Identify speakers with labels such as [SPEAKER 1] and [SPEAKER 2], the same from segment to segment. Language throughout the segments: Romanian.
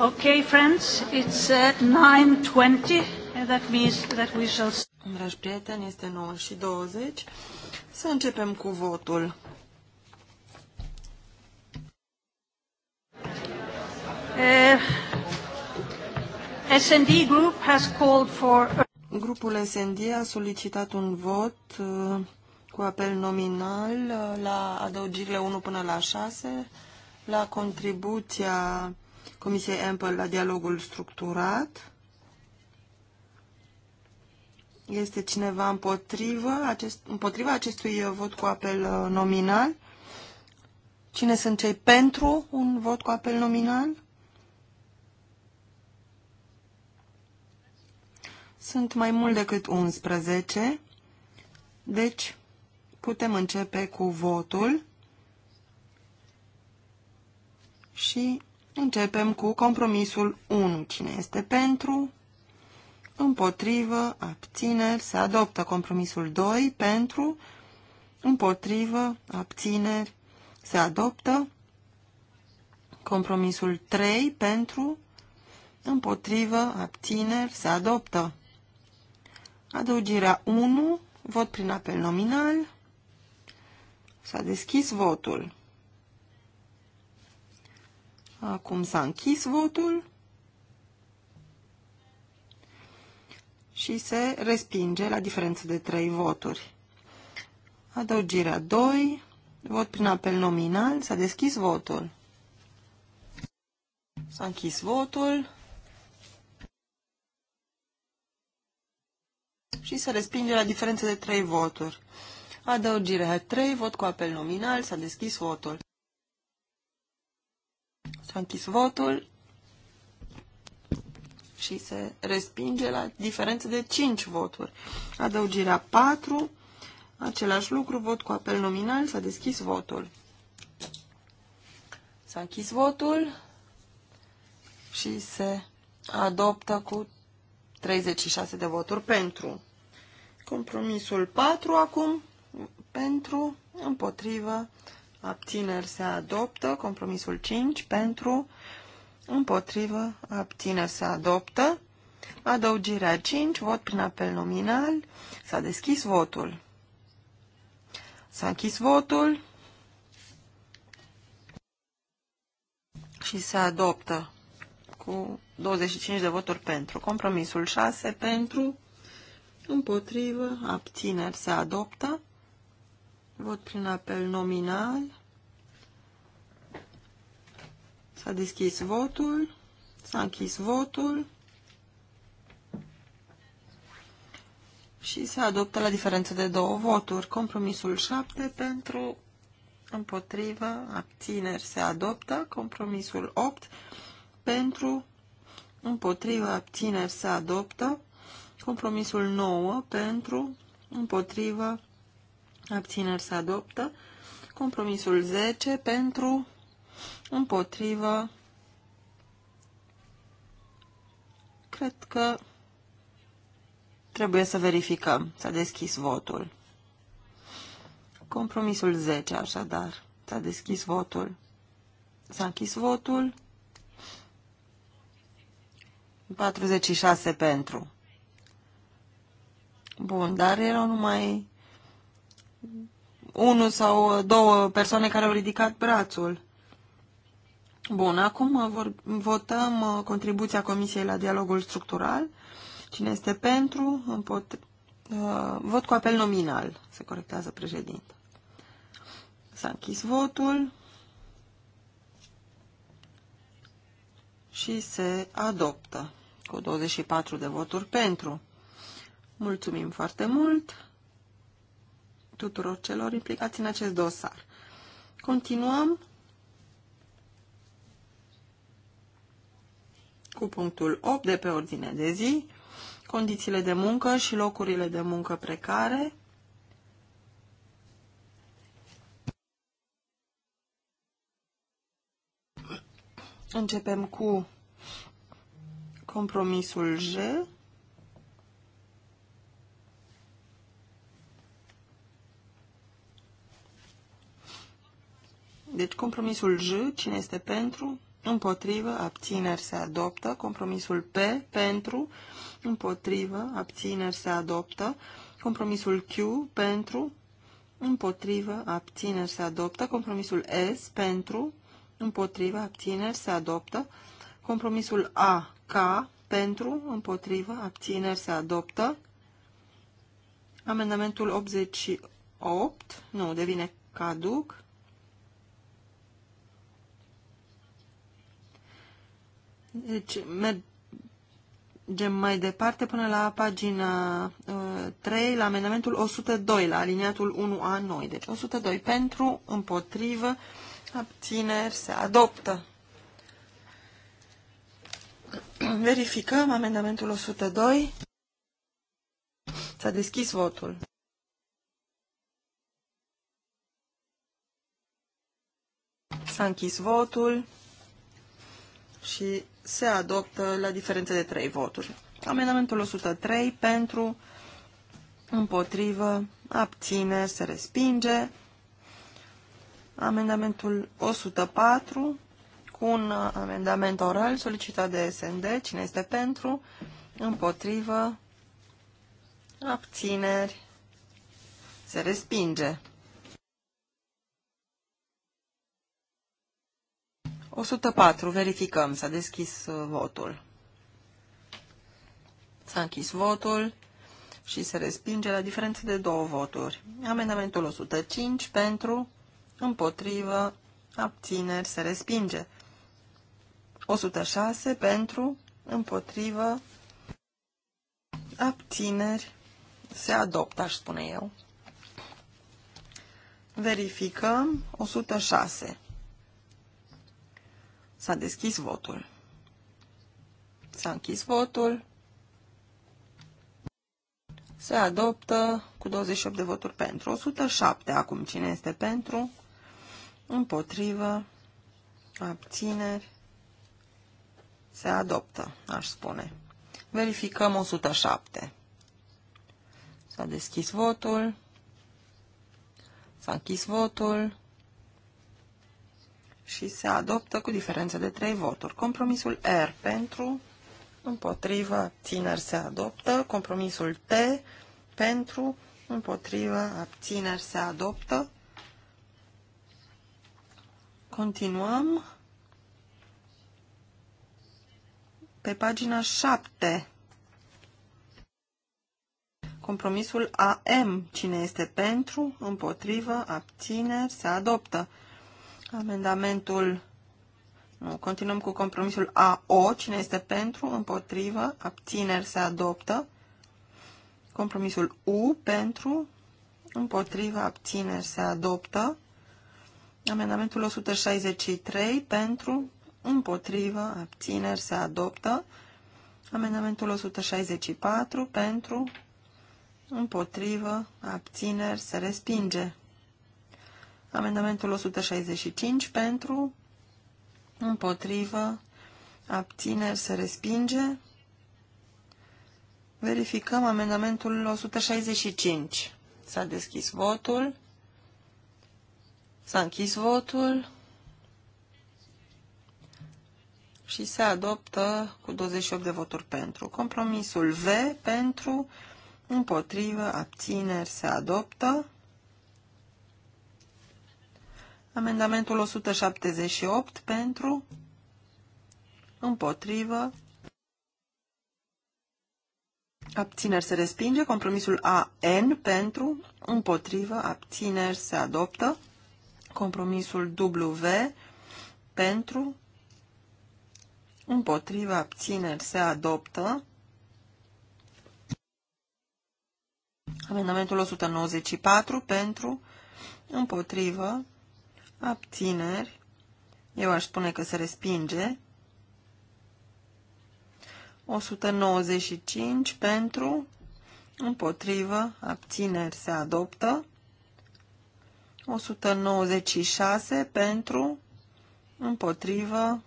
[SPEAKER 1] Okay, friends, it's 9.20, uh, that means that we shall... Dragi prieteni, este 9 și 20. Să începem cu votul. Uh, S&D Group has called for... Grupul S&D a solicitat un vot uh, cu apel nominal uh, la adăugirile 1 până la 6, la contribuția Comisiei Ample la dialogul structurat. Este cineva împotrivă, acest, împotriva acestui vot cu apel uh, nominal? Cine sunt cei pentru un vot cu apel nominal? Sunt mai mult decât 11, deci putem începe cu votul și Începem cu compromisul 1. Cine este pentru? Împotrivă, abțineri, se adoptă compromisul 2 pentru, împotrivă, abțineri, se adoptă compromisul 3 pentru, împotrivă, abțineri, se adoptă. Adăugirea 1, vot prin apel nominal, s-a deschis votul. Acum s-a închis votul și se respinge la diferență de 3 voturi. Adăugirea 2, vot prin apel nominal, s-a deschis votul. S-a închis votul și se respinge la diferență de 3 voturi. Adăugirea 3, vot cu apel nominal, s-a deschis votul. S-a închis votul și se respinge la diferență de 5 voturi. Adăugirea 4, același lucru, vot cu apel nominal, s-a deschis votul. S-a închis votul și se adoptă cu 36 de voturi pentru. Compromisul 4 acum, pentru, împotrivă, abțineri se adoptă, compromisul 5 pentru, împotrivă, abțineri se adoptă, adăugirea 5, vot prin apel nominal, s-a deschis votul. S-a închis votul și se adoptă cu 25 de voturi pentru. Compromisul 6 pentru, împotrivă, abțineri se adoptă. Vot prin apel nominal. S-a deschis votul. S-a închis votul. Și se adoptă la diferență de două voturi. Compromisul 7 pentru împotrivă, abțineri se adoptă. Compromisul 8 pentru împotrivă, abțineri se adoptă. Compromisul 9 pentru împotrivă, abțineri se adoptă. Compromisul 10 pentru, împotrivă, cred că trebuie să verificăm. S-a deschis votul. Compromisul 10, așadar. S-a deschis votul. S-a închis votul. 46 pentru. Bun, dar erau numai unu sau uh, două persoane care au ridicat brațul. Bun, acum uh, vor, votăm uh, contribuția Comisiei la dialogul structural. Cine este pentru? Pot, uh, vot cu apel nominal, se corectează președinte. S-a închis votul și se adoptă cu 24 de voturi pentru. Mulțumim foarte mult! tuturor celor implicați în acest dosar. Continuăm cu punctul 8 de pe ordine de zi, condițiile de muncă și locurile de muncă precare. Începem cu compromisul G. Deci compromisul J, cine este pentru, împotrivă, abțineri se adoptă. Compromisul P, pentru, împotrivă, abțineri se adoptă. Compromisul Q, pentru, împotrivă, abțineri se adoptă. Compromisul S, pentru, împotrivă, abțineri se adoptă. Compromisul A, K, pentru, împotrivă, abțineri se adoptă. Amendamentul 88, nu, devine caduc. Deci mergem mai departe până la pagina 3, uh, la amendamentul 102, la aliniatul 1A noi. Deci 102 pentru, împotrivă, abțineri, se adoptă. Verificăm amendamentul 102. S-a deschis votul. S-a închis votul și se adoptă la diferență de 3 voturi. Amendamentul 103 pentru, împotrivă, abține, se respinge. Amendamentul 104 cu un amendament oral solicitat de SND. Cine este pentru? Împotrivă, abțineri, se respinge. 104. Verificăm. S-a deschis uh, votul. S-a închis votul și se respinge la diferență de două voturi. Amendamentul 105 pentru, împotrivă, abțineri, se respinge. 106 pentru, împotrivă, abțineri, se adoptă, aș spune eu. Verificăm 106. S-a deschis votul. S-a închis votul. Se adoptă cu 28 de voturi pentru. 107 acum. Cine este pentru? Împotrivă. Abțineri. Se adoptă, aș spune. Verificăm 107. S-a deschis votul. S-a închis votul și se adoptă cu diferență de trei voturi. Compromisul R pentru, împotrivă, țineri se adoptă. Compromisul T pentru, împotrivă, abțineri se adoptă. Continuăm pe pagina 7. Compromisul AM. Cine este pentru, împotrivă, abțineri, se adoptă. Amendamentul nu, continuăm cu compromisul AO. Cine este pentru, împotrivă, abțineri se adoptă. Compromisul U pentru, împotrivă, abțineri se adoptă. Amendamentul 163 pentru, împotrivă, abțineri se adoptă. Amendamentul 164 pentru, împotrivă, abțineri se respinge. Amendamentul 165 pentru, împotrivă, abțineri se respinge. Verificăm amendamentul 165. S-a deschis votul. S-a închis votul și se adoptă cu 28 de voturi pentru. Compromisul V pentru, împotrivă, abțineri se adoptă. Amendamentul 178 pentru, împotrivă, abțineri se respinge, compromisul AN pentru, împotrivă, abțineri se adoptă, compromisul W pentru, împotrivă, abțineri se adoptă, amendamentul 194 pentru, împotrivă, abțineri, eu aș spune că se respinge, 195 pentru, împotrivă, abțineri se adoptă, 196 pentru, împotrivă,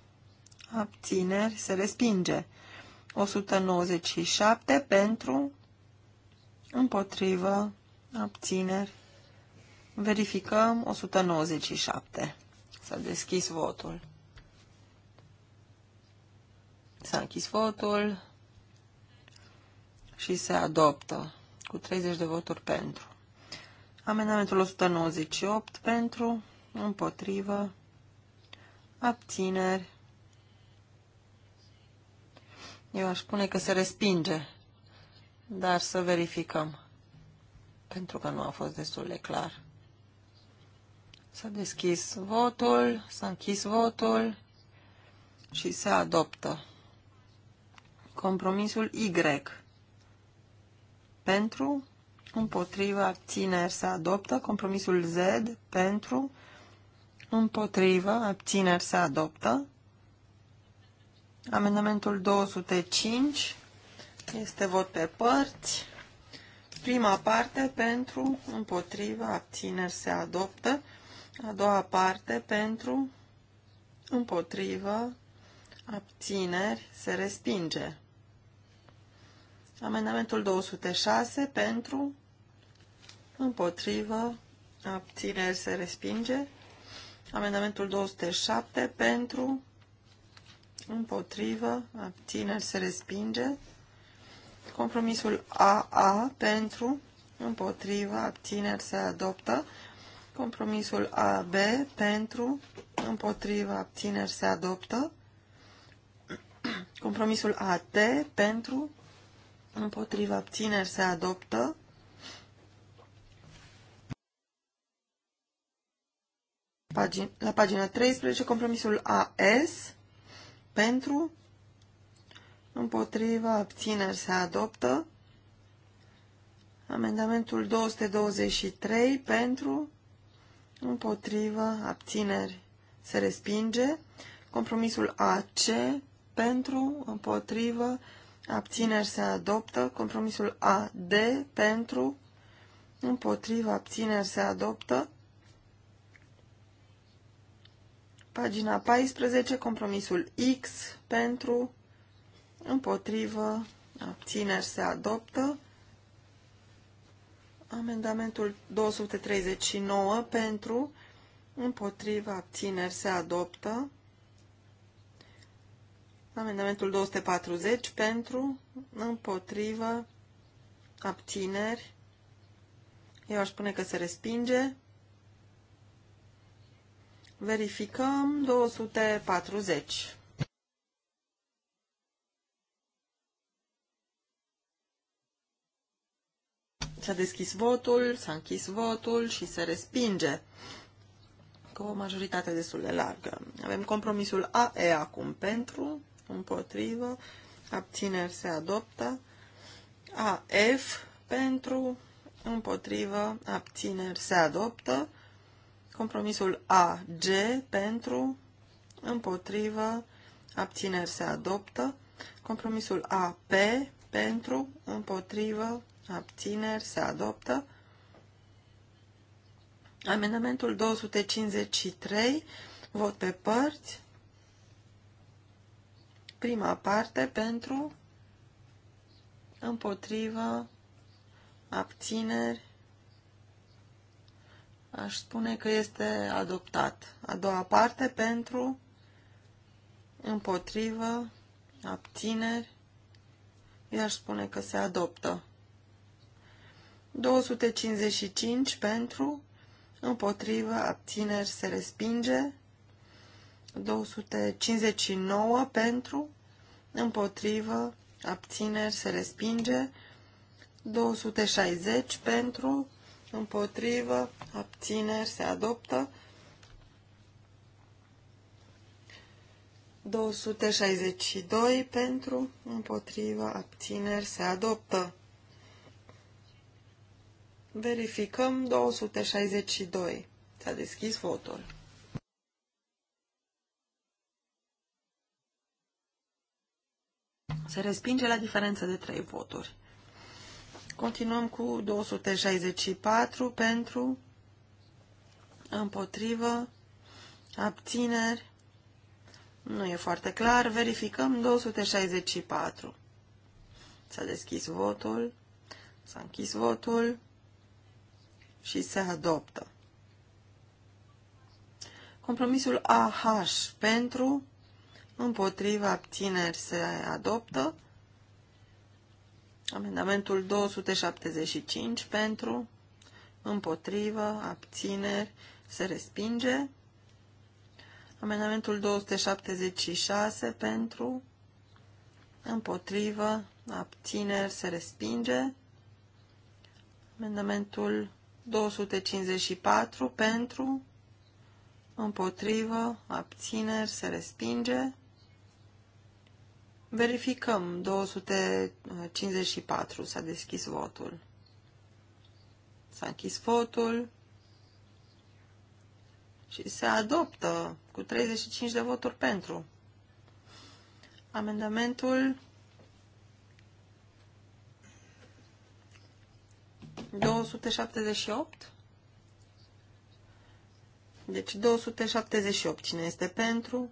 [SPEAKER 1] abțineri se respinge, 197 pentru, împotrivă, abțineri Verificăm 197. S-a deschis votul. S-a închis votul și se adoptă cu 30 de voturi pentru. Amendamentul 198 pentru, împotrivă, abțineri. Eu aș spune că se respinge, dar să verificăm, pentru că nu a fost destul de clar. S-a deschis votul, s-a închis votul și se adoptă. Compromisul Y. Pentru, împotriva, abțineri se adoptă. Compromisul Z. Pentru, împotriva, abțineri se adoptă. Amendamentul 205 este vot pe părți. Prima parte pentru, împotriva, abțineri se adoptă. A doua parte pentru, împotrivă, abțineri, se respinge. Amendamentul 206 pentru, împotrivă, abțineri, se respinge. Amendamentul 207 pentru, împotrivă, abțineri, se respinge. Compromisul AA pentru, împotrivă, abțineri, se adoptă. Compromisul AB pentru, împotriva, abțineri se adoptă. Compromisul AT pentru, împotriva, abțineri se adoptă. Pagin la pagina 13, compromisul AS pentru, împotriva, abțineri se adoptă. Amendamentul 223 pentru, împotrivă, abțineri, se respinge. Compromisul AC, pentru, împotrivă, abțineri, se adoptă. Compromisul AD, pentru, împotrivă, abțineri, se adoptă. Pagina 14, compromisul X, pentru, împotrivă, abțineri, se adoptă. Amendamentul 239 pentru, împotriva, abțineri se adoptă. Amendamentul 240 pentru, împotriva abțineri. Eu aș spune că se respinge. Verificăm 240. S-a deschis votul, s-a închis votul și se respinge cu o majoritate destul de largă. Avem compromisul AE acum pentru, împotrivă, abțineri se adoptă, AF pentru, împotrivă, abțineri se adoptă, compromisul AG pentru, împotrivă, abțineri se adoptă, compromisul AP pentru, împotrivă, abțineri, se adoptă. Amendamentul 253, vot pe părți. Prima parte pentru, împotrivă, abțineri. Aș spune că este adoptat. A doua parte pentru, împotrivă, abțineri. I-aș spune că se adoptă. 255 pentru, împotrivă, abțineri se respinge. 259 pentru, împotrivă, abțineri se respinge. 260 pentru, împotrivă, abțineri se adoptă. 262 pentru, împotrivă, abțineri se adoptă. Verificăm 262. S-a deschis votul. Se respinge la diferență de 3 voturi. Continuăm cu 264 pentru, împotrivă, abțineri. Nu e foarte clar. Verificăm 264. S-a deschis votul. S-a închis votul și se adoptă. Compromisul AH pentru, împotriva, abțineri se adoptă. Amendamentul 275 pentru, împotrivă, abțineri, se respinge. Amendamentul 276 pentru, împotrivă, abțineri, se respinge. Amendamentul 254 pentru, împotrivă, abțineri, se respinge. Verificăm. 254 s-a deschis votul. S-a închis votul și se adoptă cu 35 de voturi pentru. Amendamentul 278. Deci 278. Cine este pentru?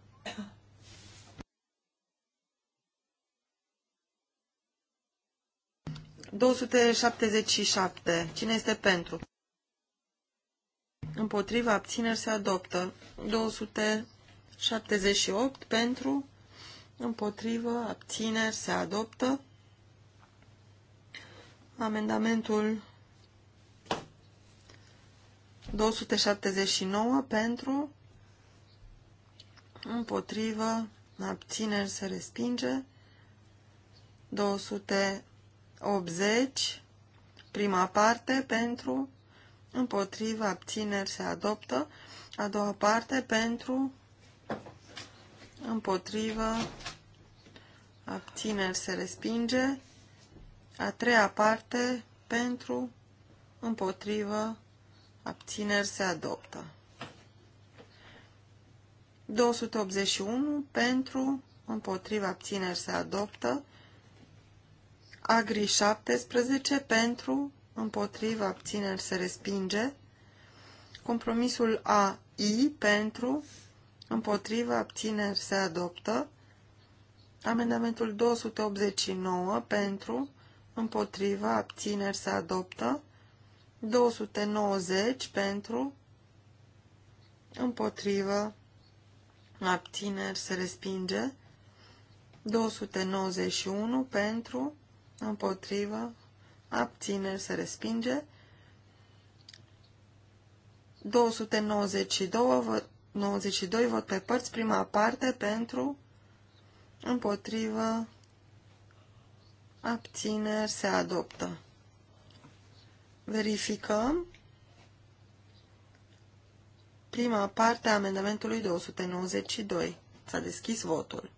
[SPEAKER 1] șapte. Cine este pentru? Împotriva abțineri se adoptă. 278 pentru. Împotrivă abțineri se adoptă. Amendamentul 279 pentru, împotrivă, abțineri se respinge, 280, prima parte, pentru, împotrivă, abțineri se adoptă, a doua parte, pentru, împotrivă, abțineri se respinge, a treia parte, pentru, împotrivă, Abțineri se adoptă. 281 pentru, împotriva abțineri se adoptă. Agri 17 pentru, împotriva abțineri se respinge. Compromisul AI pentru, împotriva abțineri se adoptă. Amendamentul 289 pentru, împotriva abțineri se adoptă. 290 pentru, împotrivă, abțineri, se respinge. 291 pentru, împotrivă, abțineri, se respinge. 292 vot, 92 vot pe părți, prima parte pentru, împotrivă, abțineri, se adoptă. Verificăm prima parte a amendamentului 292. S-a deschis votul.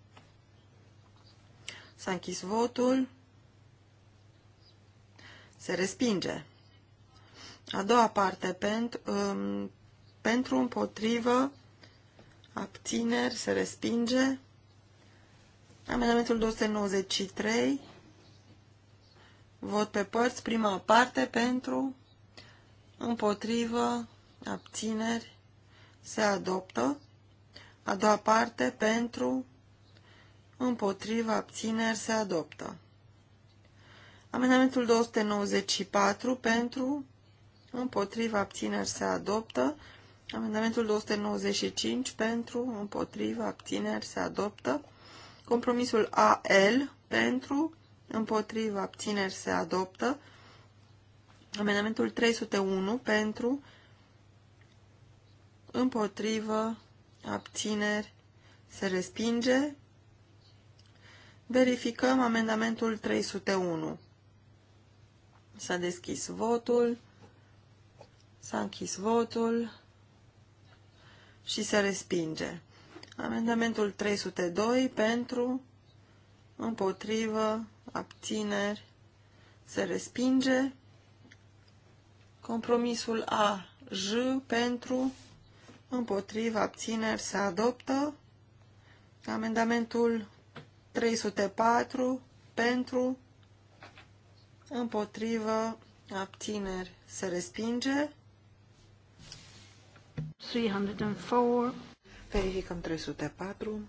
[SPEAKER 1] S-a închis votul. Se respinge. A doua parte pentru, um, pentru împotrivă, abțineri, se respinge. Amendamentul 293 Vot pe părți, prima parte, pentru, împotrivă, abțineri, se adoptă. A doua parte, pentru, împotrivă, abțineri, se adoptă. Amendamentul 294, pentru, împotrivă, abțineri, se adoptă. Amendamentul 295, pentru, împotrivă, abțineri, se adoptă. Compromisul AL, pentru, împotriva abțineri se adoptă. Amendamentul 301 pentru, împotrivă, abțineri se respinge. Verificăm amendamentul 301. S-a deschis votul, s-a închis votul și se respinge. Amendamentul 302 pentru, împotrivă, abțineri, se respinge. Compromisul A, J, pentru, împotriva, abțineri, se adoptă. Amendamentul 304, pentru, împotrivă, abțineri, se respinge. 304. Verificăm 304.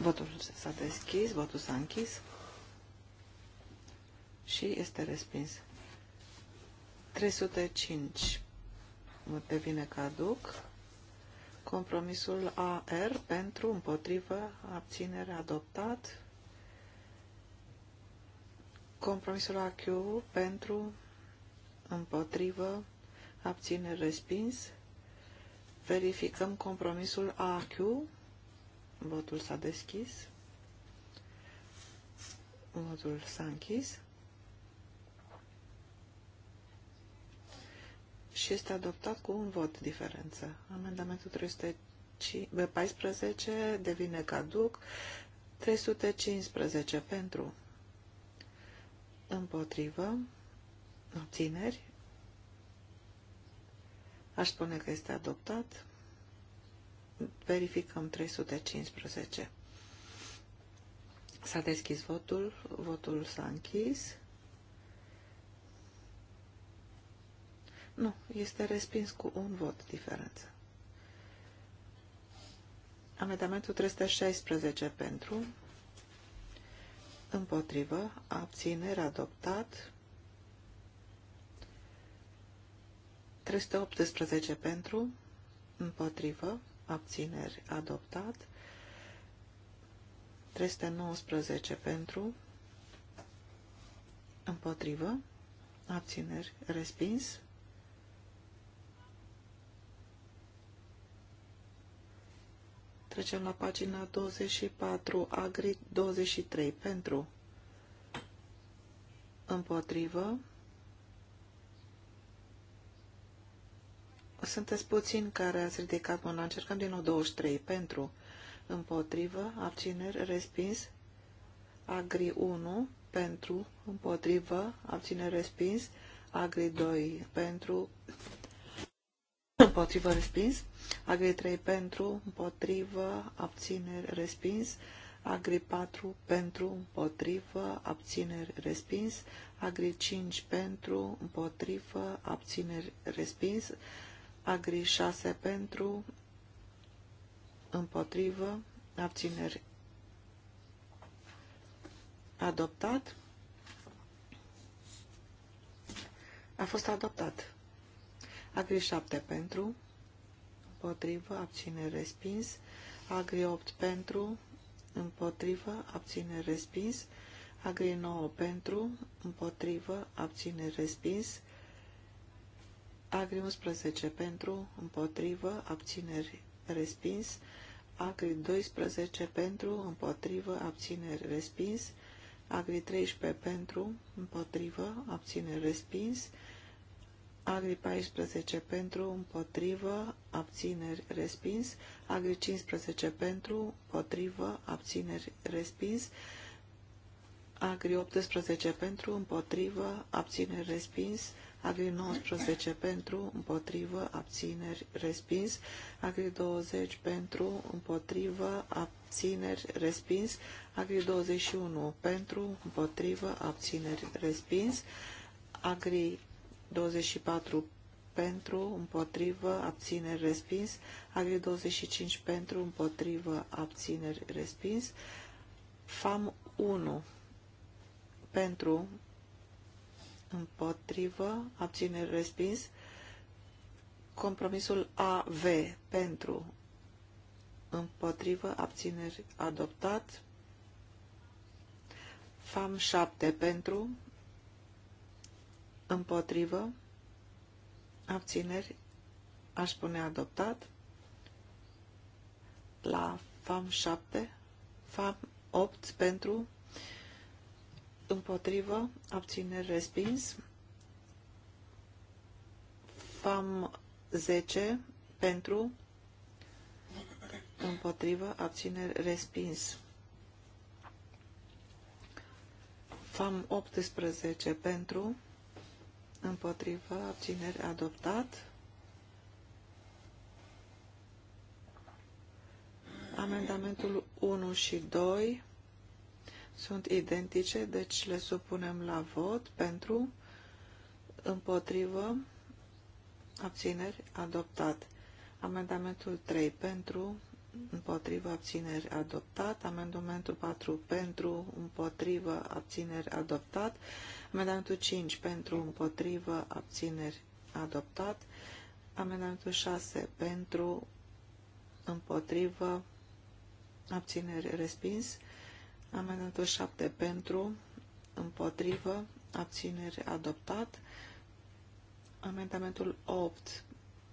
[SPEAKER 1] Votul s-a deschis, votul s-a închis și este respins. 305 devine caduc. Compromisul AR pentru, împotrivă, abținere adoptat. Compromisul AQ pentru, împotrivă, abținere respins. Verificăm compromisul AQ. Votul s-a deschis. Votul s-a închis. Și este adoptat cu un vot diferență. Amendamentul 314 devine caduc. 315 pentru. Împotrivă. Obțineri. Aș spune că este adoptat verificăm 315. S-a deschis votul, votul s-a închis. Nu, este respins cu un vot diferență. Amendamentul 316 pentru, împotrivă, abținere, adoptat, 318 pentru, împotrivă, abțineri adoptat, 319 pentru, împotrivă, abțineri respins, Trecem la pagina 24, Agri 23, pentru, împotrivă, sunteți puțini care ați ridicat mâna. Încercăm din nou 23. Pentru, împotrivă, abțineri, respins. Agri 1, pentru, împotrivă, abțineri, respins. Agri 2, pentru, împotrivă, respins. Agri 3, pentru, împotrivă, abțineri, respins. Agri 4 pentru, împotrivă, abțineri, respins. Agri 5 pentru, împotrivă, abțineri, respins. Agri 6 pentru, împotrivă, abțineri adoptat. A fost adoptat. Agri 7 pentru, împotrivă, abțineri respins. Agri 8 pentru, împotrivă, abțineri respins. Agri 9 pentru, împotrivă, abțineri respins. Agri 11 pentru, împotrivă, abțineri respins. Agri 12 pentru, împotrivă, abțineri respins. Agri 13 pentru, împotrivă, abțineri respins. Agri 14 pentru, împotrivă, abțineri respins. Agri 15 pentru, împotrivă, abțineri respins. Agri 18 pentru, împotrivă, abțineri respins. Agri 19 pentru, împotrivă, abțineri, respins. Agri 20 pentru, împotrivă, abțineri, respins. Agri 21 pentru, împotrivă, abțineri, respins. Agri 24 pentru, împotrivă, abțineri, respins. Agri 25 pentru, împotrivă, abțineri, respins. FAM 1 pentru, împotrivă, abțineri respins. Compromisul AV pentru, împotrivă, abțineri adoptat. FAM 7 pentru, împotrivă, abțineri, aș spune adoptat. La FAM 7, FAM 8 pentru, împotrivă, abțineri respins. FAM 10 pentru, împotrivă, abțineri respins. FAM 18 pentru, împotrivă, abțineri adoptat. Amendamentul 1 și 2 sunt identice, deci le supunem la vot pentru, împotrivă, abțineri, adoptat. Amendamentul 3 pentru, împotrivă, abțineri, adoptat. Amendamentul 4 pentru, împotrivă, abțineri, adoptat. Amendamentul 5 pentru, împotrivă, abțineri, adoptat. Amendamentul 6 pentru, împotrivă, abțineri, respins. Amendamentul 7 pentru, împotrivă, abțineri adoptat. Amendamentul 8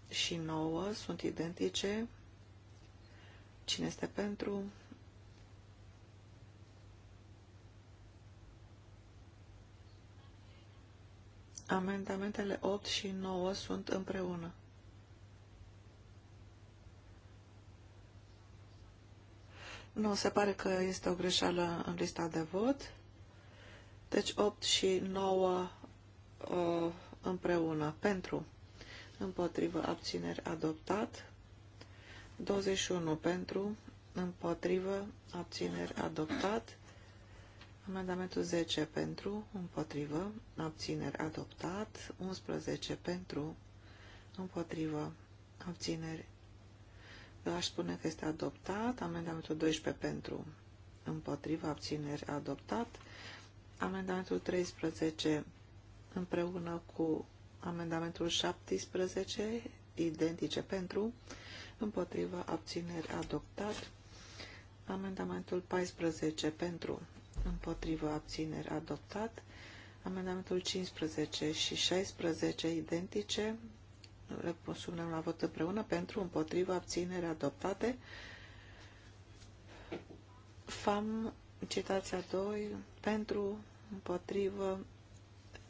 [SPEAKER 1] și 9 sunt identice. Cine este pentru? Amendamentele 8 și 9 sunt împreună. Nu, se pare că este o greșeală în lista de vot. Deci 8 și 9 uh, împreună. Pentru, împotrivă, abțineri, adoptat. 21 pentru, împotrivă, abțineri, adoptat. Amendamentul 10 pentru, împotrivă, abțineri, adoptat. 11 pentru, împotrivă, abțineri, eu aș spune că este adoptat. Amendamentul 12 pentru împotriva abțineri adoptat. Amendamentul 13 împreună cu amendamentul 17 identice pentru împotriva abțineri adoptat. Amendamentul 14 pentru împotriva abțineri adoptat. Amendamentul 15 și 16 identice le punem la vot împreună pentru, împotriva, abținere, adoptate. FAM, citația 2, pentru, împotrivă,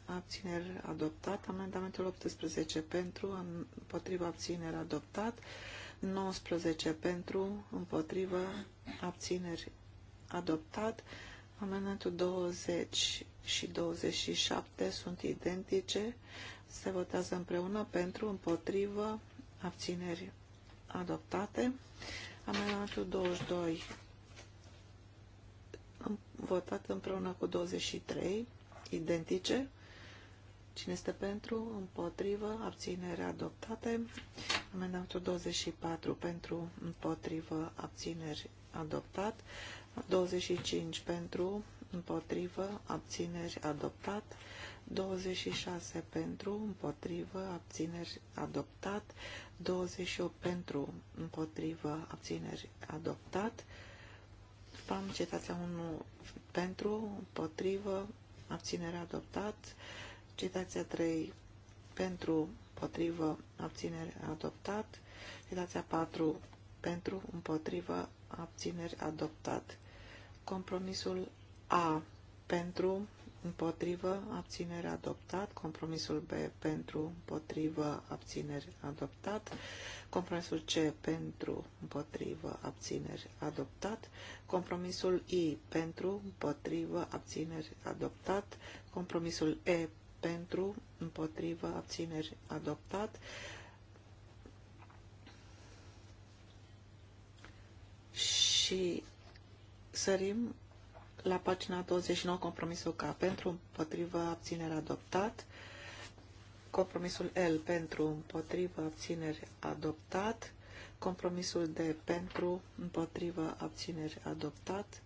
[SPEAKER 1] abțineri, adoptat. Amendamentul 18 pentru, împotriva, abțineri, adoptat. 19 pentru, împotrivă, abțineri, adoptat. Amendamentul 20 și 27 sunt identice se votează împreună pentru, împotrivă, abțineri adoptate. Amendamentul 22 votat împreună cu 23 identice. Cine este pentru, împotrivă, abținere adoptate. Amendamentul 24 pentru, împotrivă, abțineri adoptat. 25 pentru, împotrivă, abțineri, adoptat. 26 pentru, împotrivă, abțineri, adoptat. 28 pentru, împotrivă, abțineri, adoptat. PAM, citația 1 pentru, împotrivă, abținere, adoptat. Citația 3 pentru, împotrivă, abținere, adoptat. Citația 4 pentru, împotrivă, abțineri, adoptat. Compromisul a pentru, împotrivă, abținere adoptat, compromisul B pentru, împotrivă, abțineri adoptat, compromisul C pentru, împotrivă, abțineri adoptat, compromisul I pentru, împotrivă, abțineri adoptat, compromisul E pentru, împotrivă, abțineri adoptat, și sărim la pagina 29, compromisul K pentru, împotrivă, abținere adoptat. Compromisul L pentru, împotrivă, abțineri adoptat. Compromisul D pentru, împotrivă, abțineri adoptat.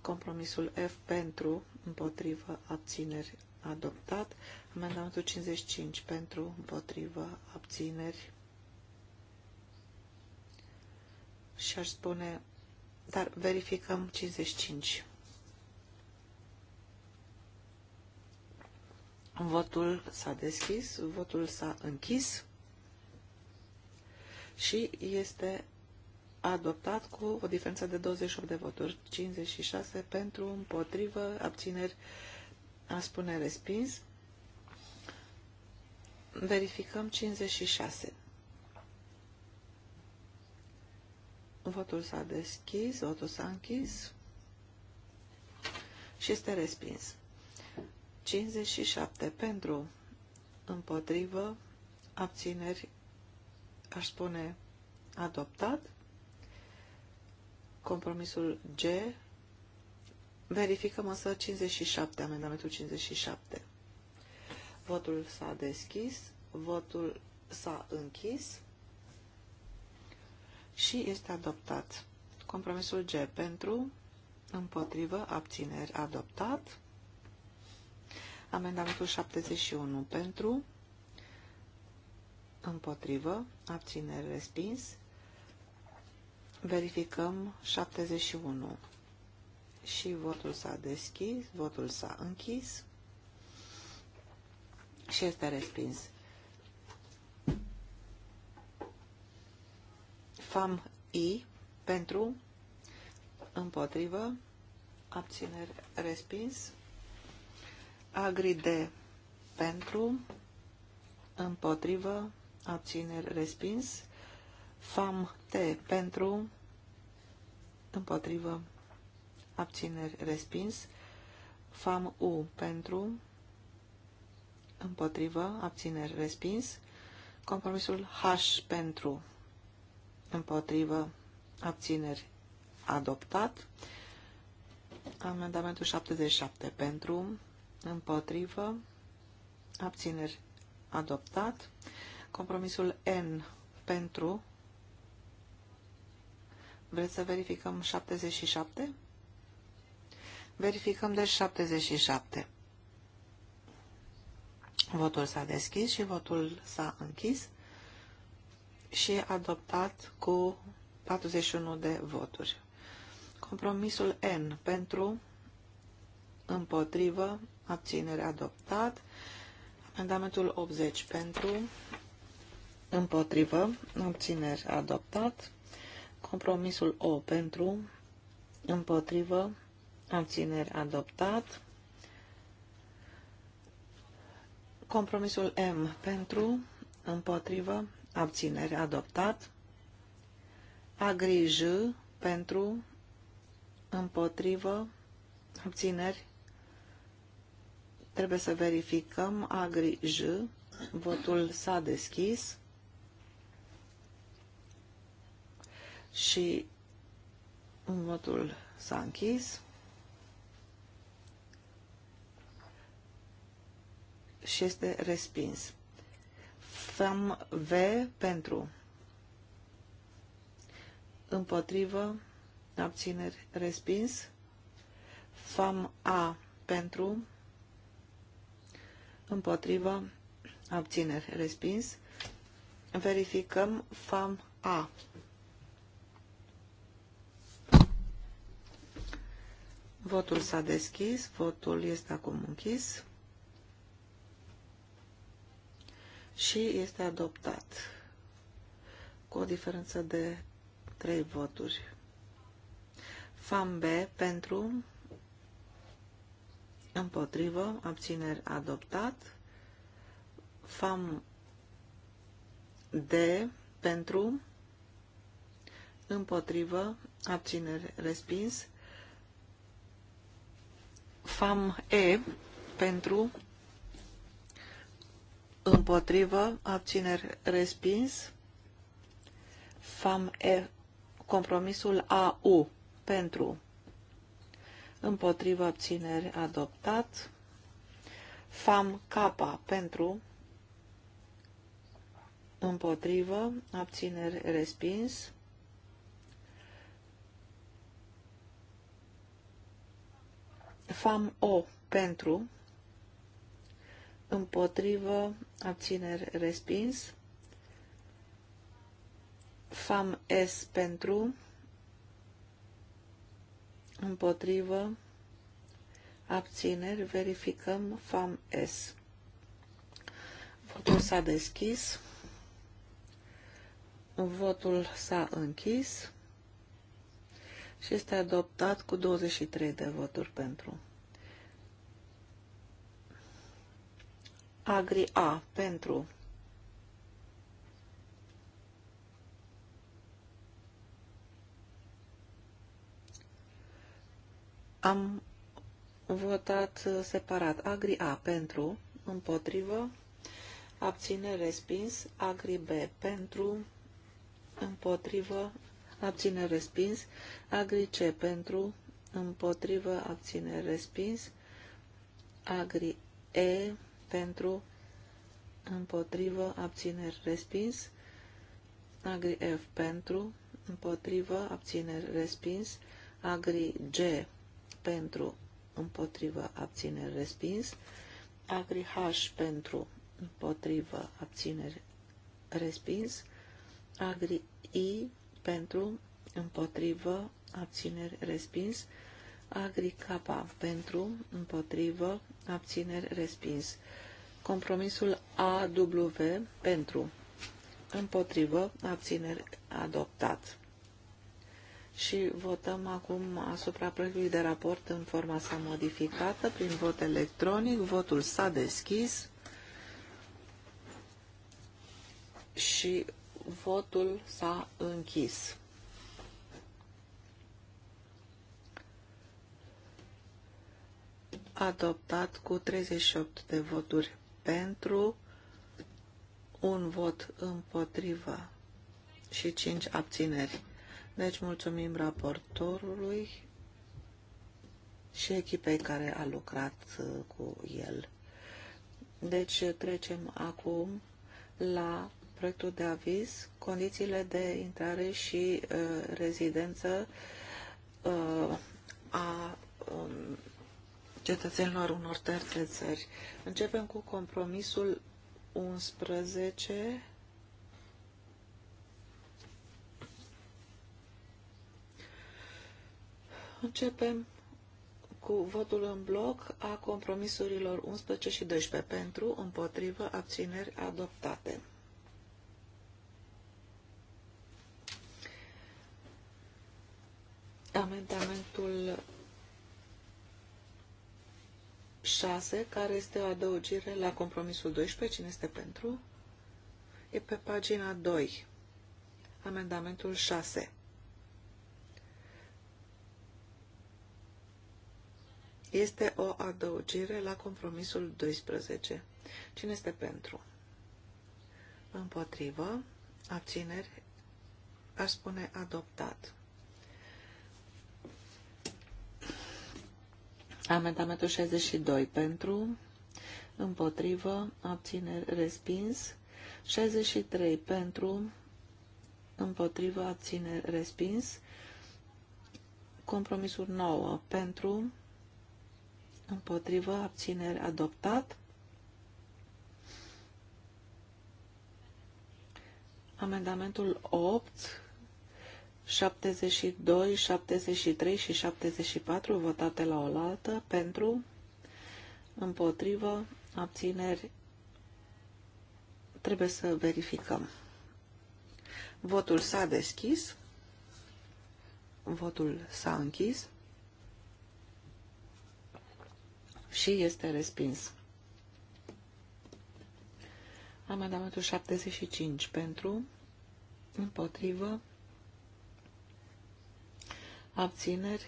[SPEAKER 1] Compromisul F pentru, împotrivă, abțineri adoptat. Amendamentul 55 pentru, împotrivă, abțineri. Și aș spune, dar verificăm 55. Votul s-a deschis, votul s-a închis și este adoptat cu o diferență de 28 de voturi, 56 pentru, împotrivă, abțineri, a spune respins. Verificăm 56. Votul s-a deschis, votul s-a închis și este respins. 57 pentru, împotrivă, abțineri, aș spune adoptat. Compromisul G. Verificăm însă 57, amendamentul 57. Votul s-a deschis, votul s-a închis și este adoptat. Compromisul G pentru, împotrivă, abțineri, adoptat. Amendamentul 71 pentru, împotrivă, abțineri respins. Verificăm 71 și votul s-a deschis, votul s-a închis și este respins. FAM I pentru, împotrivă, abțineri respins. Agri D pentru, împotrivă, abțineri respins. FAM T pentru, împotrivă, abțineri respins. FAM U pentru, împotrivă, abțineri respins. Compromisul H pentru, împotrivă, abțineri adoptat. Amendamentul 77 pentru, împotrivă, abțineri adoptat. Compromisul N pentru. Vreți să verificăm 77? Verificăm de 77. Votul s-a deschis și votul s-a închis și adoptat cu 41 de voturi. Compromisul N pentru împotrivă, abținere adoptat. Amendamentul 80 pentru, împotrivă, abțineri adoptat. Compromisul O pentru, împotrivă, abțineri adoptat. Compromisul M pentru, împotrivă, abțineri adoptat. Agrij pentru, împotrivă, abțineri Trebuie să verificăm Agri J. Votul s-a deschis. Și votul s-a închis. Și este respins. Făm V pentru împotrivă, abțineri, respins. Fam A pentru, împotrivă, abțineri, respins. Verificăm FAM A. Votul s-a deschis, votul este acum închis și este adoptat cu o diferență de 3 voturi. Fam B pentru împotrivă, abțineri adoptat, FAM D pentru, împotrivă, abțineri respins, FAM E pentru, împotrivă, abțineri respins, FAM E, compromisul AU pentru, împotrivă abțineri adoptat, FAM K pentru, împotrivă abțineri respins, FAM O pentru, împotrivă abțineri respins, FAM S pentru, împotrivă, abțineri, verificăm FAM S. Votul s-a deschis, votul s-a închis și este adoptat cu 23 de voturi pentru. Agri A pentru Am votat separat Agri A pentru, împotrivă, abține respins, Agri B pentru, împotrivă, abține respins, Agri C pentru, împotrivă, abține respins, Agri E pentru, împotrivă, abține respins, agri F pentru, împotrivă, abține respins, agri G pentru împotrivă abțineri respins, Agri H pentru împotrivă abțineri respins, Agri I pentru împotrivă abțineri respins, Agri K pentru împotrivă abțineri respins. Compromisul AW pentru împotrivă abțineri adoptat și votăm acum asupra proiectului de raport în forma sa modificată prin vot electronic. Votul s-a deschis și votul s-a închis. Adoptat cu 38 de voturi pentru, un vot împotrivă și 5 abțineri. Deci mulțumim raportorului și echipei care a lucrat uh, cu el. Deci trecem acum la proiectul de aviz, condițiile de intrare și uh, rezidență uh, a um, cetățenilor unor terțe țări. Începem cu compromisul 11 Începem cu votul în bloc a compromisurilor 11 și 12 pentru, împotrivă, abțineri adoptate. Amendamentul 6, care este o adăugire la compromisul 12, cine este pentru? E pe pagina 2, amendamentul 6. Este o adăugire la compromisul 12. Cine este pentru? Împotrivă. Abțineri. Aș spune adoptat. Amendamentul 62 pentru, împotrivă, abțineri, respins. 63 pentru, împotrivă, abțineri, respins. Compromisul 9 pentru, împotrivă, abțineri, adoptat. Amendamentul 8, 72, 73 și 74 votate la oaltă pentru, împotrivă, abțineri, trebuie să verificăm. Votul s-a deschis, votul s-a închis. și este respins. Am Amendamentul 75 pentru, împotrivă, abțineri,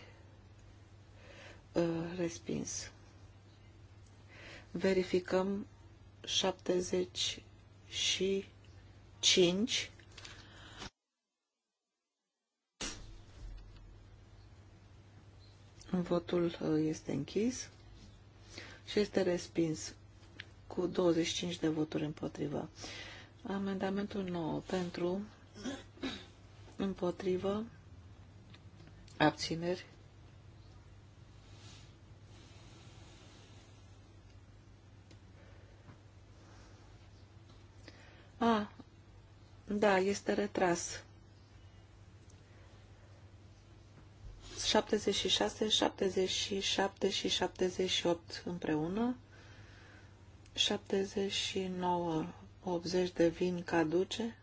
[SPEAKER 1] ă, respins. Verificăm 75 Votul ă, este închis și este respins cu 25 de voturi împotrivă. Amendamentul 9 pentru, împotrivă, abțineri. A, da, este retras. 76, 77 și 78 împreună. 79, 80 devin caduce.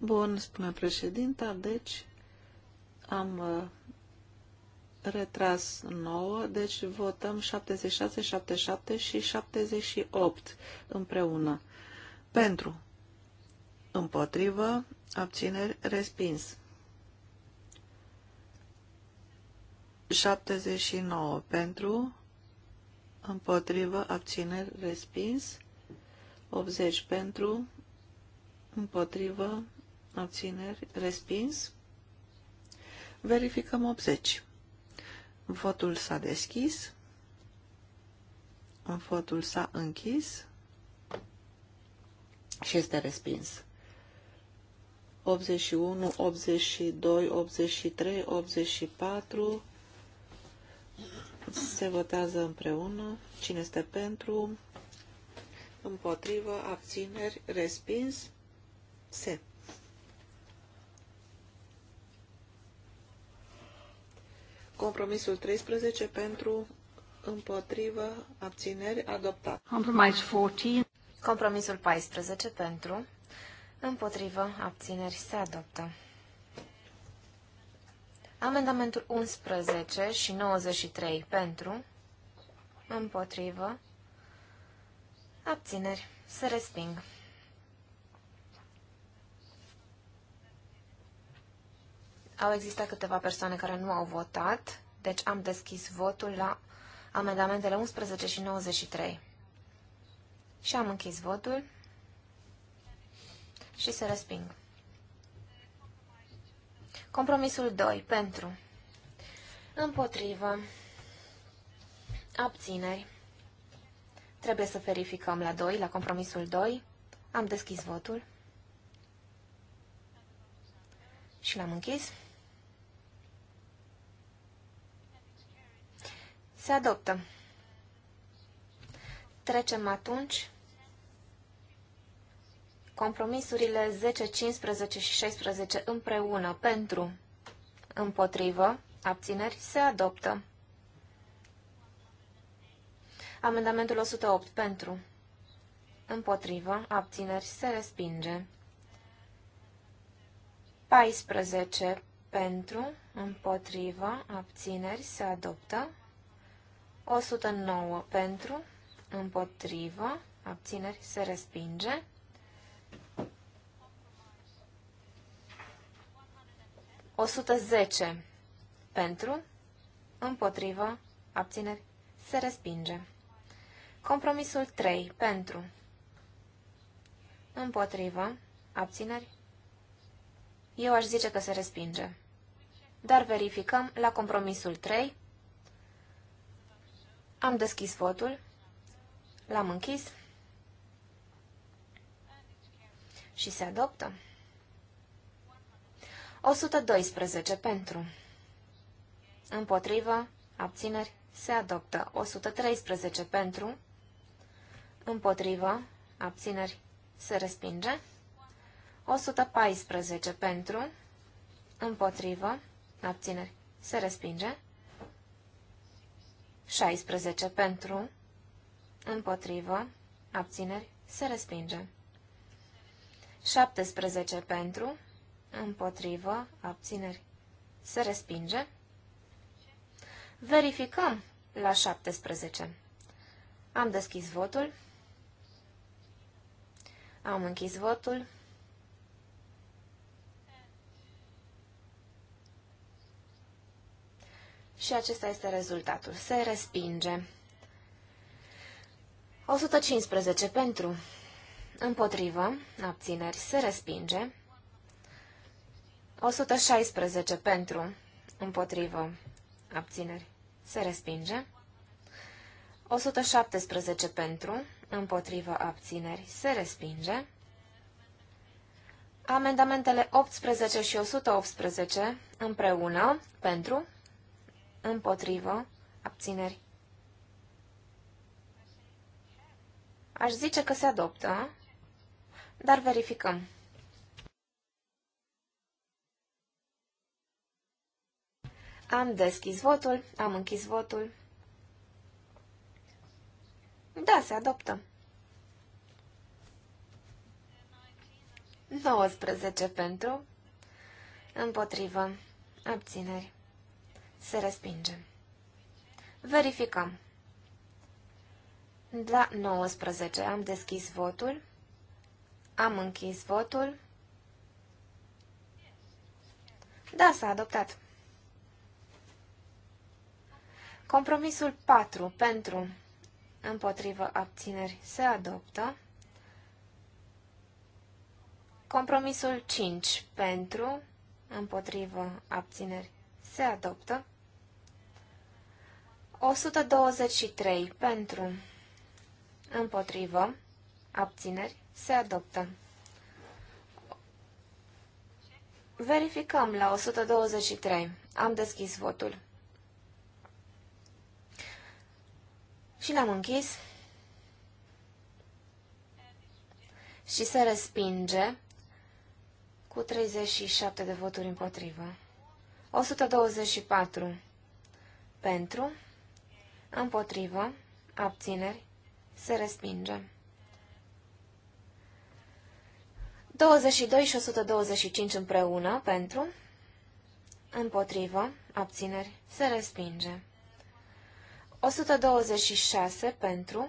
[SPEAKER 1] Bun, spune președinta, deci am uh, retras 9, deci votăm 76, 77 și 78 împreună. Pentru, împotrivă, abțineri, respins. 79 pentru, împotrivă, abțineri, respins. 80 pentru, împotrivă, abțineri, respins. Verificăm 80. Votul s-a deschis. Votul s-a închis și este respins. 81, 82, 83, 84 se votează împreună. Cine este pentru? Împotrivă, abțineri, respins, se. Compromisul 13 pentru împotrivă abțineri adoptat.
[SPEAKER 2] Compromise 14. Compromisul 14 pentru împotrivă abțineri se adoptă. Amendamentul 11 și 93 pentru împotrivă abțineri se resping. Au existat câteva persoane care nu au votat, deci am deschis votul la amendamentele 11 și 93. Și am închis votul și se resping. Compromisul 2. Pentru. Împotrivă. Abțineri. Trebuie să verificăm la 2, la compromisul 2. Am deschis votul. Și l-am închis. Se adoptă. Trecem atunci compromisurile 10, 15 și 16 împreună pentru împotrivă abțineri se adoptă. Amendamentul 108 pentru împotrivă abțineri se respinge. 14 pentru împotrivă abțineri se adoptă. 109 pentru, împotrivă, abțineri, se respinge. 110 pentru, împotrivă, abțineri, se respinge. Compromisul 3 pentru, împotrivă, abțineri, eu aș zice că se respinge. Dar verificăm la compromisul 3. Am deschis votul. L-am închis. Și se adoptă. 112 pentru. Împotrivă. Abțineri. Se adoptă. 113 pentru. Împotrivă. Abțineri. Se respinge. 114 pentru. Împotrivă. Abțineri. Se respinge. 16 pentru, împotrivă, abțineri, se respinge. 17 pentru, împotrivă, abțineri, se respinge. Verificăm la 17. Am deschis votul. Am închis votul. și acesta este rezultatul. Se respinge. 115 pentru, împotrivă, abțineri, se respinge. 116 pentru, împotrivă, abțineri, se respinge. 117 pentru, împotrivă, abțineri, se respinge. Amendamentele 18 și 118 împreună, pentru, Împotrivă. Abțineri. Aș zice că se adoptă, dar verificăm. Am deschis votul, am închis votul. Da, se adoptă. 19 pentru, împotrivă, abțineri. Se respinge. Verificăm. La 19 am deschis votul. Am închis votul. Da, s-a adoptat. Compromisul 4 pentru împotrivă abțineri se adoptă. Compromisul 5 pentru împotrivă abțineri se adoptă. 123 pentru, împotrivă, abțineri, se adoptă. Verificăm la 123. Am deschis votul. Și l-am închis. Și se respinge cu 37 de voturi împotrivă. 124 pentru, împotrivă, abțineri, se respinge. 22 și 125 împreună, pentru, împotrivă, abțineri, se respinge. 126 pentru,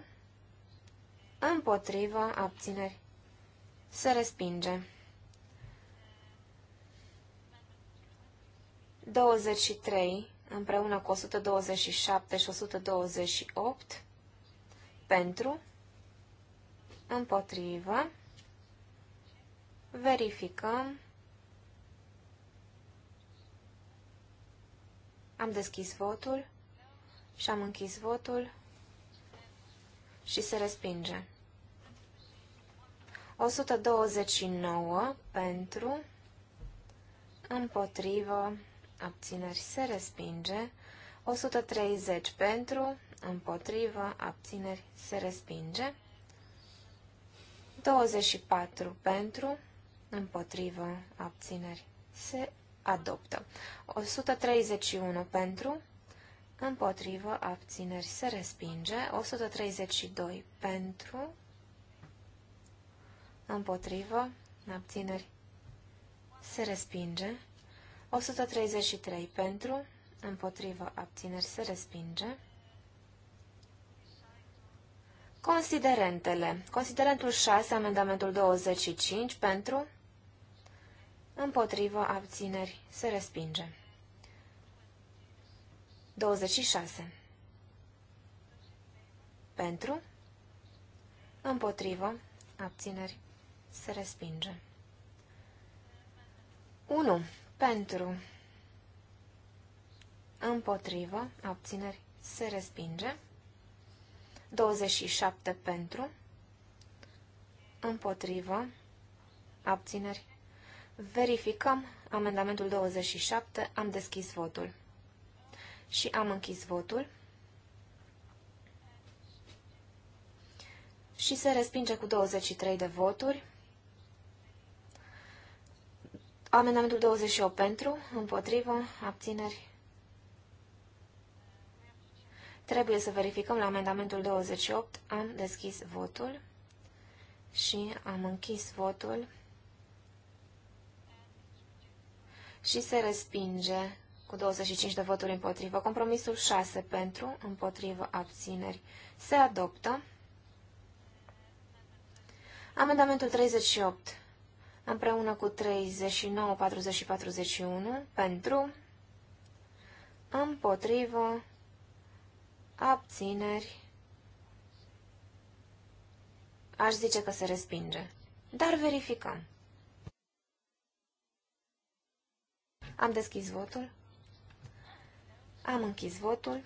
[SPEAKER 2] împotrivă, abțineri, se respinge. 23 împreună cu 127 și 128 pentru, împotrivă, verificăm, am deschis votul și am închis votul și se respinge. 129 pentru, împotrivă, abțineri se respinge, 130 pentru, împotrivă, abțineri se respinge, 24 pentru, împotrivă, abțineri se adoptă, 131 pentru, împotrivă, abțineri se respinge, 132 pentru, împotrivă, abțineri se respinge, 133 pentru, împotrivă abțineri se respinge. Considerentele. Considerentul 6, amendamentul 25 pentru, împotrivă abțineri se respinge. 26. Pentru, împotrivă, abțineri, se respinge. 1. Pentru. Împotrivă. Abțineri. Se respinge. 27 pentru. Împotrivă. Abțineri. Verificăm amendamentul 27. Am deschis votul. Și am închis votul. Și se respinge cu 23 de voturi. Amendamentul 28 pentru, împotrivă, abțineri. Trebuie să verificăm la amendamentul 28. Am deschis votul și am închis votul și se respinge cu 25 de voturi împotrivă. Compromisul 6 pentru, împotrivă, abțineri. Se adoptă. Amendamentul 38 împreună cu 39, 40 și 41 pentru, împotrivă, abțineri, aș zice că se respinge. Dar verificăm. Am deschis votul. Am închis votul.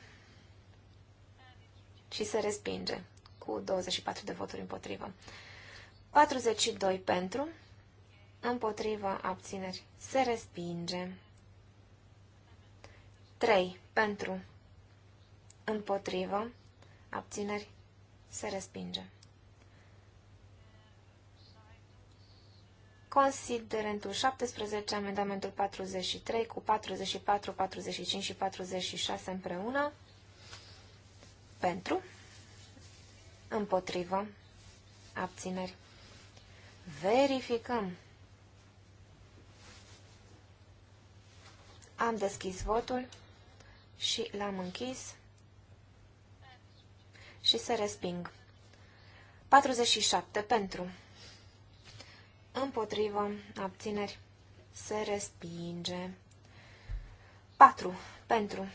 [SPEAKER 2] Și se respinge cu 24 de voturi împotrivă. 42 pentru, împotriva abțineri, se respinge. 3. Pentru, împotrivă, abțineri, se respinge. Considerentul 17, amendamentul 43 cu 44, 45 și 46 împreună. Pentru. Împotrivă. Abțineri. Verificăm. Am deschis votul și l-am închis și se resping. 47 pentru. Împotrivă, abțineri, se respinge. 4 pentru.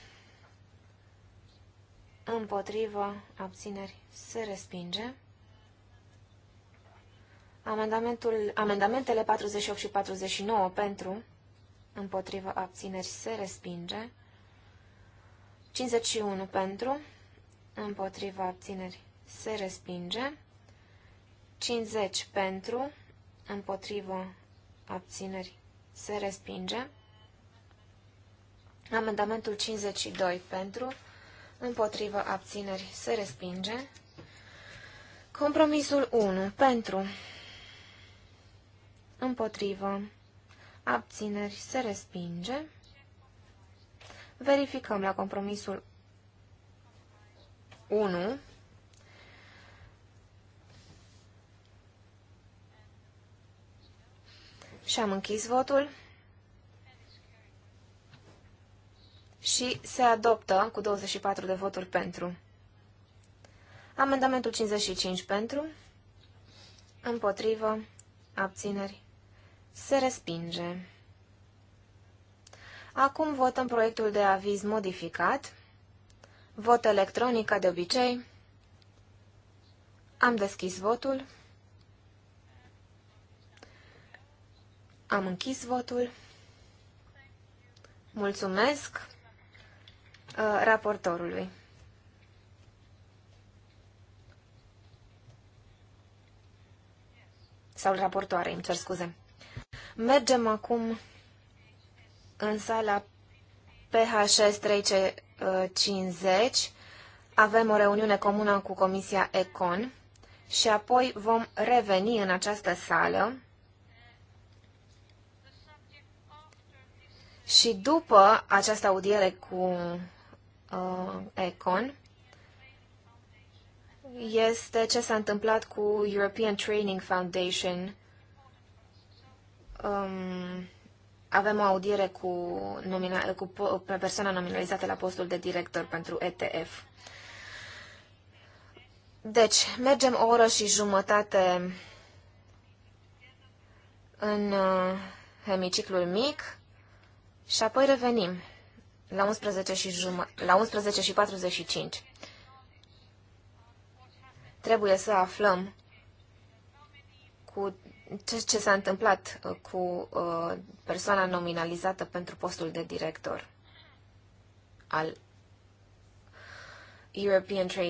[SPEAKER 2] Împotrivă, abțineri, se respinge. Amendamentul, amendamentele 48 și 49 pentru, împotrivă abțineri se respinge. 51 pentru, împotrivă abțineri se respinge. 50 pentru, împotrivă abțineri se respinge. Amendamentul 52 pentru, împotrivă abțineri se respinge. Compromisul 1 pentru, împotrivă abțineri, se respinge. Verificăm la compromisul 1. Și am închis votul. Și se adoptă cu 24 de voturi pentru. Amendamentul 55 pentru. Împotrivă. Abțineri. Se respinge. Acum votăm proiectul de aviz modificat. Vot electronic, ca de obicei. Am deschis votul. Am închis votul. Mulțumesc uh, raportorului. Sau raportoare, îmi cer scuze. Mergem acum în sala phs 3 uh, Avem o reuniune comună cu Comisia ECON și apoi vom reveni în această sală și după această audiere cu uh, ECON este ce s-a întâmplat cu European Training Foundation um, avem o audiere cu, nomina, cu persoana nominalizată la postul de director pentru ETF. Deci, mergem o oră și jumătate în uh, hemiciclul mic și apoi revenim la 11 și, juma, la 11 și 45. Trebuie să aflăm cu ce, ce s-a întâmplat uh, cu uh, persoana nominalizată pentru postul de director al European Trade